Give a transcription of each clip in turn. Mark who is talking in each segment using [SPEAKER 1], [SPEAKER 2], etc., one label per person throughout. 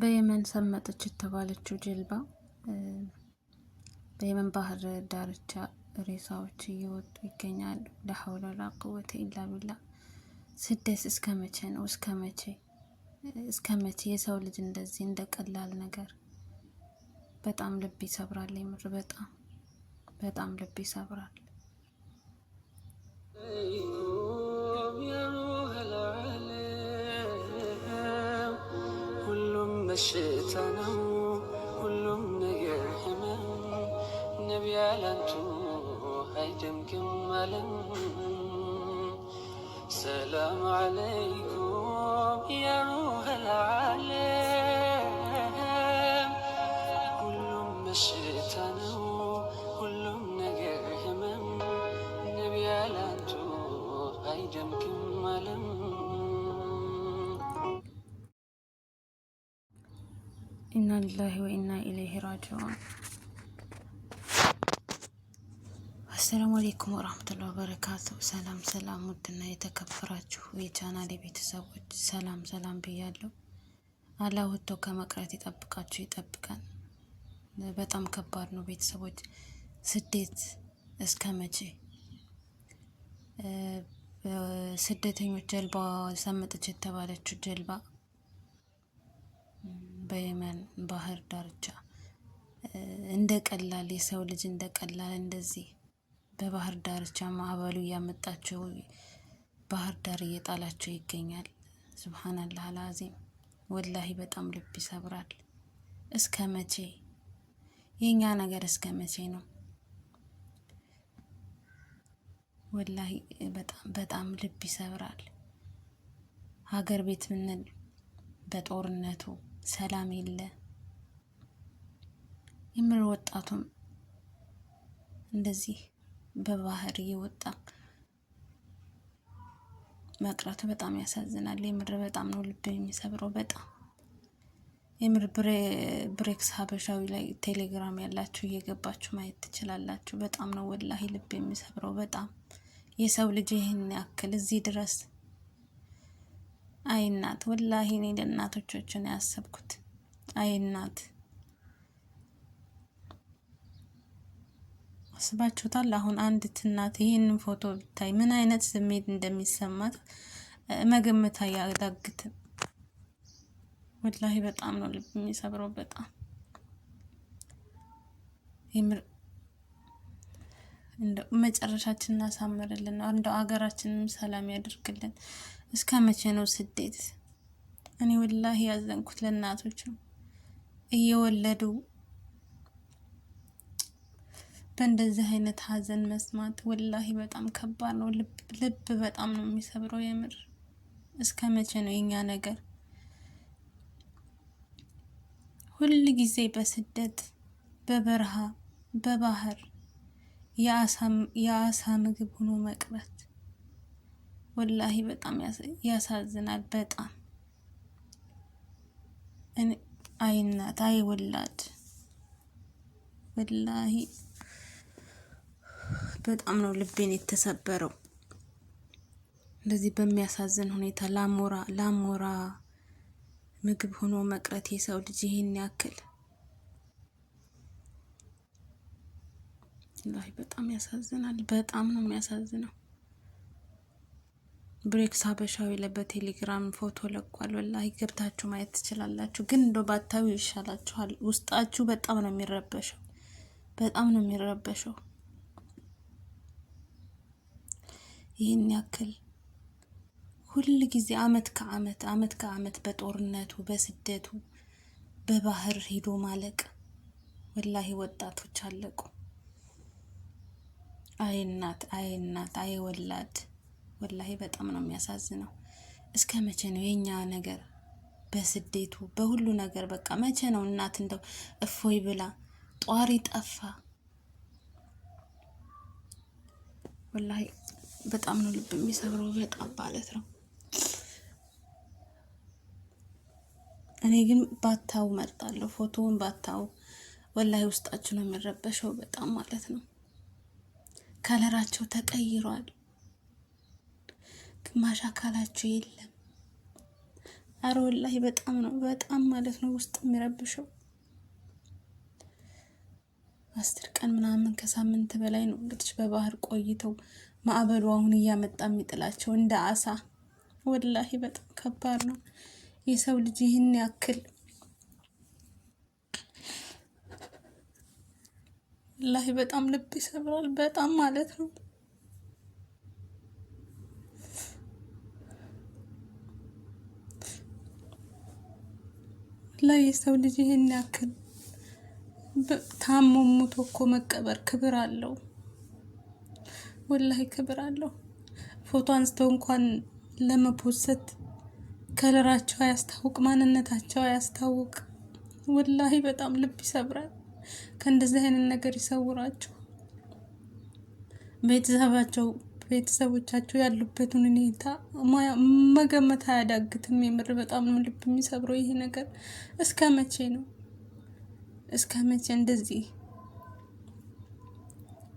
[SPEAKER 1] በየመን ሰመጠች የተባለችው ጀልባ በየመን ባህር ዳርቻ ሬሳዎች እየወጡ ይገኛሉ። ለሐውላ ወላ ቁወተ ኢላ ቢላ። ስደት እስከ መቼ ነው? እስከ መቼ እስከ መቼ የሰው ልጅ እንደዚህ እንደ ቀላል ነገር። በጣም ልብ ይሰብራል። የምር በጣም በጣም ልብ ይሰብራል። በሽታ ነው ሁሉም ነገር ህመም ነቢ ያላንቱ አይደምግም አለም። ሰላም አለይኩም ኢናሊላሂ ወኢና ኢለይሂ ራጂዑን። አሰላሙ አሌይኩም ወራህመቱላሂ ወበረካቱ። ሰላም ሰላም፣ ውድና የተከበራችሁ የቻናሌ ቤተሰቦች ሰላም ሰላም ብያለሁ። አላህ ወጥቶ ከመቅረት ይጠብቃችሁ ይጠብቀን። በጣም ከባድ ነው ቤተሰቦች፣ ስደት እስከ መቼ? ስደተኞች ጀልባ ሰመጠች የተባለችው ጀልባ በየመን ባህር ዳርቻ እንደ ቀላል የሰው ልጅ እንደ ቀላል እንደዚህ በባህር ዳርቻ ማዕበሉ እያመጣቸው ባህር ዳር እየጣላቸው ይገኛል። ሱብሃነላህ አልዓዚም ወላሂ በጣም ልብ ይሰብራል። እስከ መቼ የእኛ ነገር እስከ መቼ ነው? ወላሂ በጣም በጣም ልብ ይሰብራል። ሀገር ቤት ምንል በጦርነቱ ሰላም የለ። የምር ወጣቱም እንደዚህ በባህር እየወጣ መቅረቱ በጣም ያሳዝናል። የምር በጣም ነው ልብ የሚሰብረው። በጣም የምር ብሬክስ ሀበሻዊ ላይ ቴሌግራም ያላችሁ እየገባችሁ ማየት ትችላላችሁ። በጣም ነው ወላሂ ልብ የሚሰብረው። በጣም የሰው ልጅ ይህን ያክል እዚህ ድረስ አይ እናት ወላሂ እኔ ለእናቶቻችን ያሰብኩት አይ እናት አስባችሁታል። አሁን አንዲት እናት ይህንን ፎቶ ብታይ ምን አይነት ስሜት እንደሚሰማት መገመት አያዳግትም። ወላሂ በጣም ነው ልብ የሚሰብረው። በጣም የምር እንደው መጨረሻችንን አሳምርልን፣ እንደው አገራችንም ሰላም ያደርግልን። እስከ መቼ ነው ስደት? እኔ ወላሂ ያዘንኩት ለእናቶች ነው። እየወለዱ በእንደዚህ አይነት ሀዘን መስማት ወላሂ በጣም ከባድ ነው። ልብ በጣም ነው የሚሰብረው። የምር እስከ መቼ ነው የኛ ነገር? ሁል ጊዜ በስደት በበረሃ በባህር የአሳ ምግብ ሆኖ መቅረት ወላሂ በጣም ያሳዝናል። በጣም አይ እናት አይ ወላድ ወላሂ በጣም ነው ልቤን የተሰበረው። እንደዚህ በሚያሳዝን ሁኔታ ላሞራ ላሞራ ምግብ ሆኖ መቅረት የሰው ልጅ ይህን ያክል ወላሂ በጣም ያሳዝናል። በጣም ነው የሚያሳዝነው። ብሬክስ ሀበሻዊ ላይ በቴሌግራም ፎቶ ለቋል። ወላሂ ገብታችሁ ማየት ትችላላችሁ። ግን እንደ ባታዩ ይሻላችኋል። ውስጣችሁ በጣም ነው የሚረበሸው፣ በጣም ነው የሚረበሸው። ይህን ያክል ሁል ጊዜ አመት ከአመት አመት ከአመት በጦርነቱ በስደቱ በባህር ሂዶ ማለቅ። ወላሂ ወጣቶች አለቁ። አይ እናት፣ አይ እናት፣ አይ ወላድ ወላሂ በጣም ነው የሚያሳዝነው። እስከ መቼ ነው የኛ ነገር በስደቱ በሁሉ ነገር በቃ መቼ ነው እናት እንደው እፎይ ብላ ጧሪ ጠፋ። ወላሂ በጣም ነው ልብ የሚሰብረው፣ በጣም ማለት ነው። እኔ ግን ባታው መርጣለሁ፣ ፎቶውን ባታው ወላሂ ውስጣችሁ ነው የሚረበሸው፣ በጣም ማለት ነው። ከለራቸው ተቀይሯል። ግማሽ አካላቸው የለም። አረ ወላሂ በጣም ነው በጣም ማለት ነው ውስጥ የሚረብሸው። አስር ቀን ምናምን ከሳምንት በላይ ነው እንግዲህ በባህር ቆይተው ማዕበሉ አሁን እያመጣ የሚጥላቸው እንደ አሳ። ወላሂ በጣም ከባድ ነው። የሰው ልጅ ይህን ያክል ወላሂ በጣም ልብ ይሰብራል። በጣም ማለት ነው ላይ የሰው ልጅ ይሄን ያክል ታሞ ሙቶ እኮ መቀበር ክብር አለው። ወላሂ ክብር አለው። ፎቶ አንስተው እንኳን ለመፖሰት ከለራቸው አያስታውቅ፣ ማንነታቸው አያስታውቅ። ወላሂ በጣም ልብ ይሰብራል። ከእንደዚህ አይነት ነገር ይሰውራቸው ቤተሰባቸው ቤተሰቦቻቸው ያሉበትን ሁኔታ መገመት አያዳግትም። የምር በጣም ነው ልብ የሚሰብረው ይሄ ነገር። እስከ መቼ ነው እስከ መቼ እንደዚህ?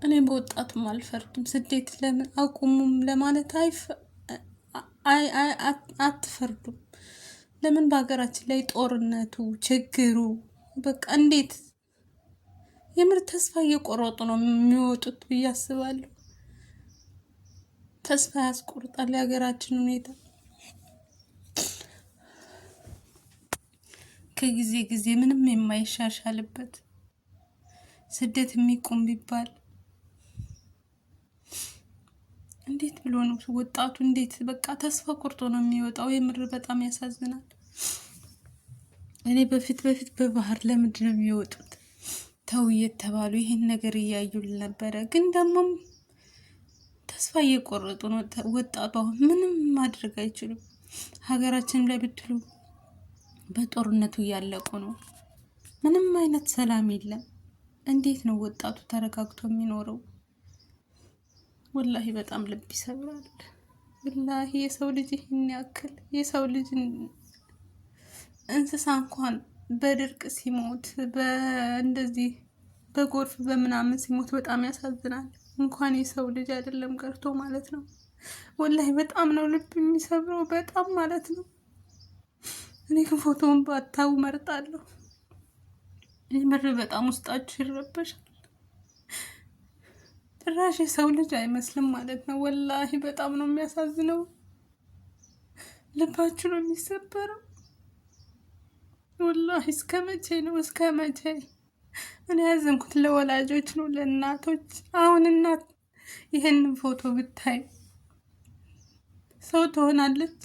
[SPEAKER 1] እኔ በወጣቱም አልፈርድም። ስደት ለምን አቁሙም ለማለት አትፈርዱም። ለምን በሀገራችን ላይ ጦርነቱ፣ ችግሩ በቃ እንዴት የምር ተስፋ እየቆረጡ ነው የሚወጡት ብዬ አስባለሁ። ተስፋ ያስቆርጣል የሀገራችን ሁኔታ። ከጊዜ ጊዜ ምንም የማይሻሻልበት ስደት የሚቆም ቢባል እንዴት ብሎ ነው ወጣቱ? እንዴት በቃ ተስፋ ቆርጦ ነው የሚወጣው? የምር በጣም ያሳዝናል። እኔ በፊት በፊት በባህር ለምንድን ነው የሚወጡት ተው እየተባሉ ይህን ነገር እያዩል ነበረ ግን ደግሞም ተስፋ እየቆረጡ ነው ወጣቷ። ምንም ማድረግ አይችሉም። ሀገራችን ላይ ብትሉ በጦርነቱ እያለቁ ነው። ምንም አይነት ሰላም የለም። እንዴት ነው ወጣቱ ተረጋግቶ የሚኖረው? ወላሂ በጣም ልብ ይሰብራል። ወላሂ የሰው ልጅ ይህን ያክል የሰው ልጅ እንስሳ እንኳን በድርቅ ሲሞት በእንደዚህ በጎርፍ በምናምን ሲሞት በጣም ያሳዝናል። እንኳን የሰው ልጅ አይደለም ቀርቶ ማለት ነው። ወላይ በጣም ነው ልብ የሚሰብረው፣ በጣም ማለት ነው። እኔ ግን ፎቶውን ባታው መርጣለሁ። ምር በጣም ውስጣችሁ ይረበሻል። ጭራሽ የሰው ልጅ አይመስልም ማለት ነው። ወላሂ በጣም ነው የሚያሳዝነው። ልባችሁ ነው የሚሰበረው። ወላሂ እስከ መቼ ነው? እስከ መቼ እኔ ያዘንኩት ለወላጆች ነው፣ ለእናቶች። አሁን እናት ይህንን ፎቶ ብታይ ሰው ትሆናለች።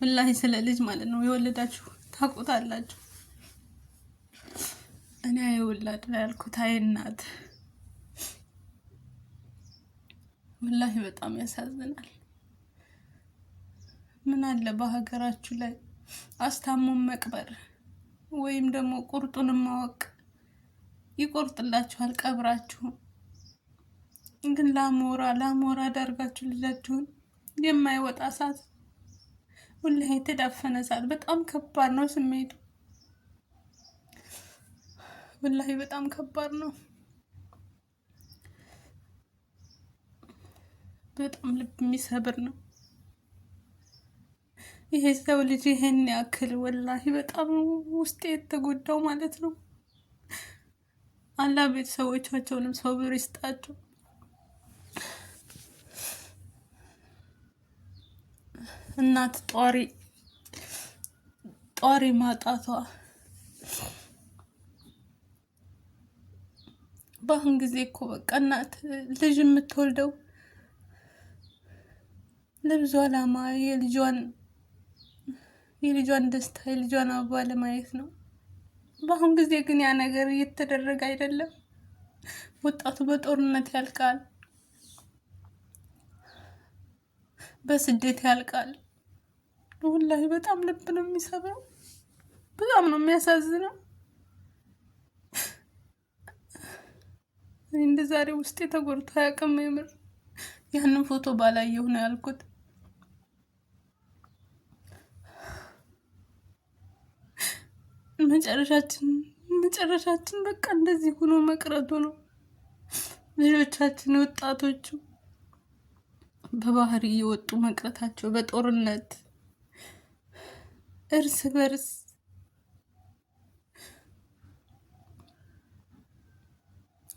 [SPEAKER 1] ወላሂ ስለ ልጅ ማለት ነው የወለዳችሁ ታውቁታላችሁ። እኔ የወላድ ላይ ያልኩት አይ እናት ወላሂ በጣም ያሳዝናል። ምን አለ በሀገራችሁ ላይ አስታሞን መቅበር ወይም ደግሞ ቁርጡን ማወቅ ይቆርጥላችኋል ቀብራችሁ። ግን ላሞራ ላሞራ ዳርጋችሁ ልጃችሁን የማይወጣ እሳት ሁላ የተዳፈነ እሳት በጣም ከባድ ነው ስሜቱ። ወላሂ በጣም ከባድ ነው። በጣም ልብ የሚሰብር ነው። ይሄ ሰው ልጅ ይሄን ያክል ወላሂ በጣም ውስጤ የተጎዳው ማለት ነው። አላህ ቤተሰቦቻቸውንም ብር ይስጣቸው። እናት ጧሪ ጧሪ ማጣቷ በአሁን ጊዜ እኮ በቃ እናት ልጅ የምትወልደው ለብዙ አላማ የልጇን የልጇን ደስታ የልጇን አበባ ለማየት ነው። በአሁን ጊዜ ግን ያ ነገር እየተደረገ አይደለም። ወጣቱ በጦርነት ያልቃል፣ በስደት ያልቃል። ወላሂ በጣም ልብ ነው የሚሰብረው፣ በጣም ነው የሚያሳዝነው። እንደ ዛሬ ውስጤ ተጎድቶ አያውቅም። የምር ያንን ፎቶ ባላየሁ ነው ያልኩት። መጨረሻችን መጨረሻችን በቃ እንደዚህ ሆኖ መቅረቱ ነው። ልጆቻችን ወጣቶቹ በባህር እየወጡ መቅረታቸው፣ በጦርነት እርስ በርስ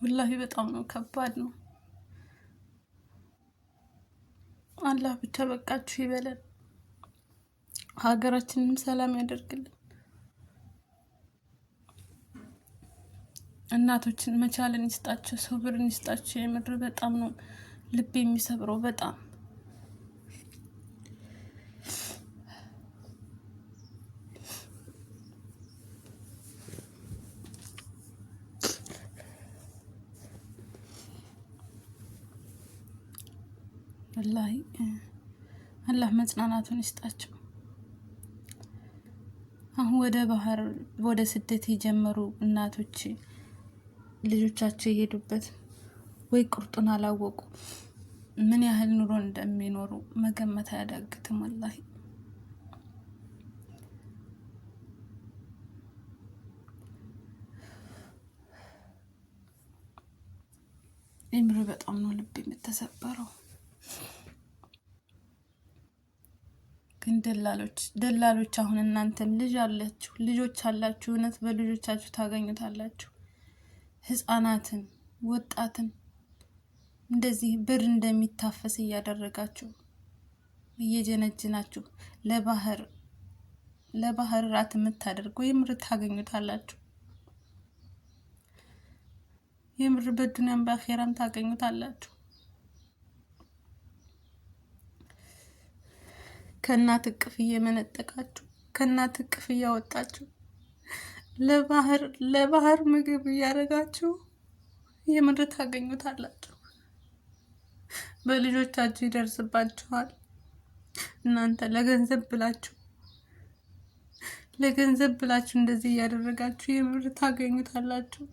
[SPEAKER 1] ወላሂ በጣም ነው ከባድ ነው። አላህ ብቻ በቃችሁ ይበለን፣ ሀገራችንም ሰላም ያደርግልን። እናቶችን መቻልን ይስጣቸው፣ ሶብርን ይስጣቸው። የምድር በጣም ነው ልብ የሚሰብረው በጣም ላይ አላህ መጽናናቱን ይስጣቸው። አሁን ወደ ባህር ወደ ስደት የጀመሩ እናቶች ልጆቻቸው የሄዱበት ወይ ቁርጡን አላወቁ ምን ያህል ኑሮ እንደሚኖሩ መገመት አያዳግትም። ወላሂ ኢምሪ በጣም ነው ልብ የምተሰበረው። ግን ደላሎች ደላሎች አሁን እናንተም ልጅ አላችሁ ልጆች አላችሁ እውነት በልጆቻችሁ ታገኙታላችሁ። ህፃናትን ወጣትን እንደዚህ ብር እንደሚታፈስ እያደረጋችሁ እየጀነጅናችሁ ለባህር ለባህር ራት የምታደርጉ የምር ታገኙታላችሁ። የምር በዱንያም በአኼራም ታገኙታላችሁ። ከእናት እቅፍ እየመነጠቃችሁ ከእናት እቅፍ እያወጣችሁ ለባህር ለባህር ምግብ እያደረጋችሁ የምር ታገኙታላችሁ። በልጆቻችሁ ይደርስባችኋል። እናንተ ለገንዘብ ብላችሁ ለገንዘብ ብላችሁ እንደዚህ እያደረጋችሁ የምር ታገኙታላችሁ።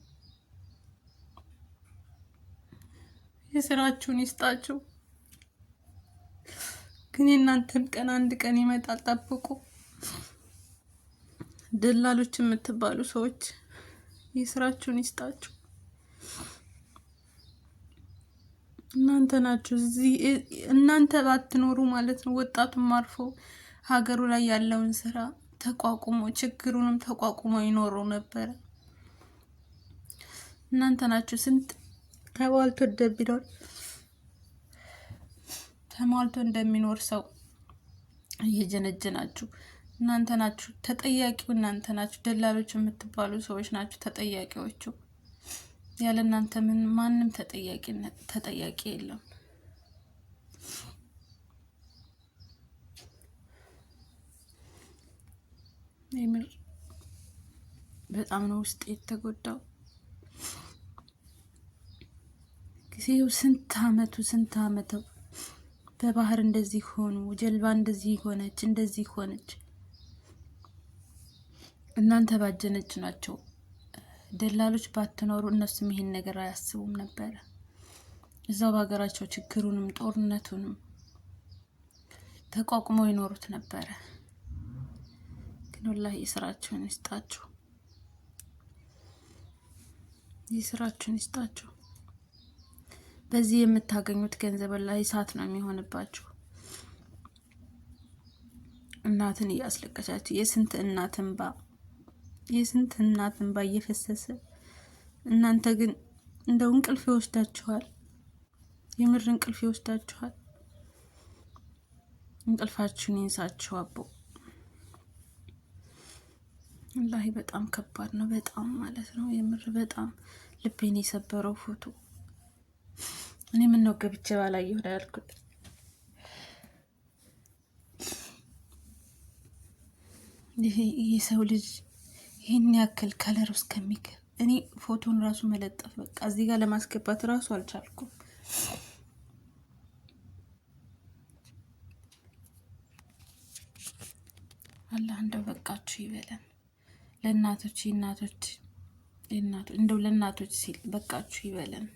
[SPEAKER 1] የስራችሁን ይስጣችሁ። ግን የእናንተም ቀን አንድ ቀን ይመጣል። ጠብቁ። ደላሎች የምትባሉ ሰዎች የስራችሁን ይስጣችሁ። እናንተ ናችሁ እዚህ እናንተ ባትኖሩ ማለት ነው ወጣቱም አርፎ ሀገሩ ላይ ያለውን ስራ ተቋቁሞ ችግሩንም ተቋቁሞ ይኖሩ ነበረ። እናንተ ናችሁ ስንት ተሟልቶ እንደሚኖር ተሟልቶ እንደሚኖር ሰው እየጀነጀናችሁ እናንተ ናችሁ ተጠያቂው፣ እናንተ ናችሁ ደላሎች የምትባሉ ሰዎች ናችሁ ተጠያቂዎቹ። ያለ እናንተ ምን ማንም ተጠያቂ የለም። የምር በጣም ነው ውስጥ የተጎዳው። ጊዜው ስንት አመቱ ስንት አመተው በባህር እንደዚህ ሆኑ፣ ጀልባ እንደዚህ ሆነች፣ እንደዚህ ሆነች። እናንተ ባጀነች ናቸው። ደላሎች ባትኖሩ እነሱም ይሄን ነገር አያስቡም ነበረ። እዛው በሀገራቸው ችግሩንም ጦርነቱንም ተቋቁመው ይኖሩት ነበረ። ግን ወላሂ የስራቸውን ይስጣቸው፣ የስራቸውን ይስጣችሁ። በዚህ የምታገኙት ገንዘብ ላይ እሳት ነው የሚሆንባችሁ። እናትን እያስለቀሳችሁ የስንት እናትን ባ የስንት እናት እንባ እየፈሰሰ እናንተ ግን እንደው እንቅልፍ ይወስዳችኋል። የምር እንቅልፍ ይወስዳችኋል። እንቅልፋችሁን ይንሳችሁ አቦ። ላይ በጣም ከባድ ነው። በጣም ማለት ነው የምር በጣም ልቤን የሰበረው ፎቶ እኔ ምን ነው ገብቼ ባላየሁ ነው ያልኩት። ይሄ የሰው ልጅ ይህን ያክል ከለር ውስጥ እኔ ፎቶን ራሱ መለጠፍ በቃ እዚህ ጋር ለማስገባት ራሱ አልቻልኩም። አላህ እንደው በቃችሁ ይበለን። ለእናቶች እናቶች እንደው ለእናቶች ሲል በቃችሁ ይበለን።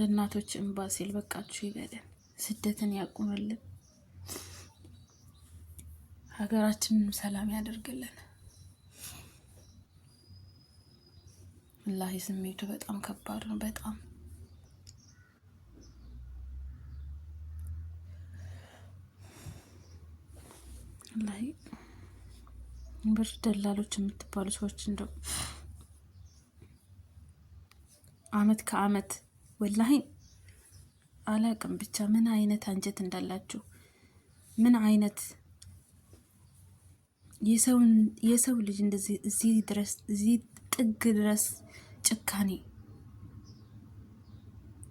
[SPEAKER 1] ለእናቶች እንባ ሲል በቃችሁ ይበለን። ስደትን ያቁምልን፣ ሀገራችንን ሰላም ያደርግልን። ወላሂ ስሜቱ በጣም ከባድ ነው። በጣም ላይ ብር ደላሎች የምትባሉ ሰዎች እንደው አመት ከአመት ወላሂ አላቅም ብቻ ምን አይነት አንጀት እንዳላችሁ ምን አይነት የሰው ልጅ እንደዚህ እዚህ ድረስ እዚህ ጥግ ድረስ ጭካኔ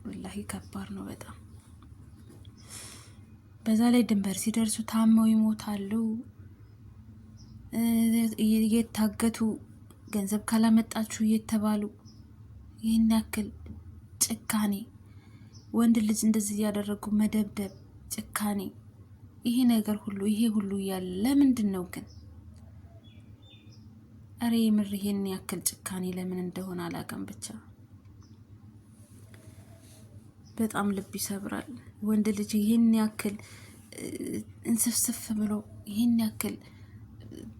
[SPEAKER 1] ወላሂ ከባድ ነው በጣም። በዛ ላይ ድንበር ሲደርሱ ታመው ይሞታሉ። እየታገቱ ገንዘብ ካላመጣችሁ እየተባሉ ይህን ያክል ጭካኔ፣ ወንድ ልጅ እንደዚህ እያደረጉ መደብደብ፣ ጭካኔ፣ ይሄ ነገር ሁሉ ይሄ ሁሉ እያለ ለምንድን ነው ግን እሬ የምር ይሄን ያክል ጭካኔ ለምን እንደሆነ አላውቅም። ብቻ በጣም ልብ ይሰብራል። ወንድ ልጅ ይህን ያክል እንስፍስፍ ብሎ ይህን ያክል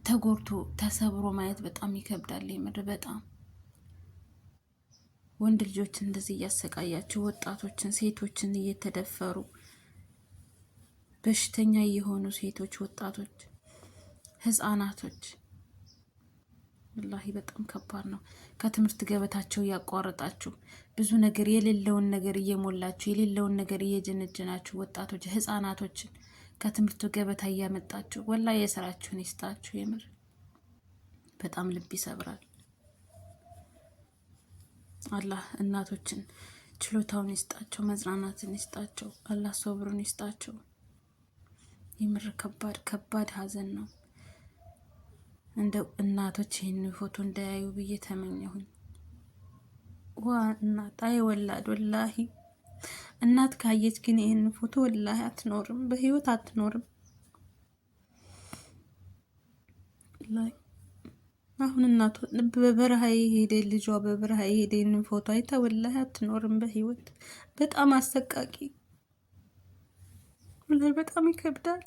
[SPEAKER 1] ተጎድቶ ተሰብሮ ማየት በጣም ይከብዳል። የምር በጣም ወንድ ልጆችን እንደዚህ እያሰቃያቸው ወጣቶችን፣ ሴቶችን እየተደፈሩ በሽተኛ የሆኑ ሴቶች፣ ወጣቶች፣ ህጻናቶች ወላሂ በጣም ከባድ ነው። ከትምህርት ገበታቸው እያቋረጣችሁ ብዙ ነገር የሌለውን ነገር እየሞላችሁ የሌለውን ነገር እየጀነጀናችሁ ወጣቶች ህፃናቶችን ከትምህርቱ ገበታ እያመጣችሁ ወላ የስራችሁን ይስጣችሁ። የምር በጣም ልብ ይሰብራል። አላህ እናቶችን ችሎታውን ይስጣቸው፣ መጽናናትን ይስጣቸው። አላህ ሶብሩን ይስጣቸው። የምር ከባድ ከባድ ሀዘን ነው። እንደ እናቶች ይህን ፎቶ እንዳያዩ ብዬ ተመኘሁኝ። ዋ እናት አይ ወላድ ወላሂ እናት ካየች ግን ይህን ፎቶ ወላሂ አትኖርም፣ በህይወት አትኖርም። አሁን እናቷ በበረሃ የሄደ ልጇ በበረሃ የሄደ ይህንን ፎቶ አይታ ወላሂ አትኖርም በህይወት። በጣም አሰቃቂ፣ በጣም ይከብዳል።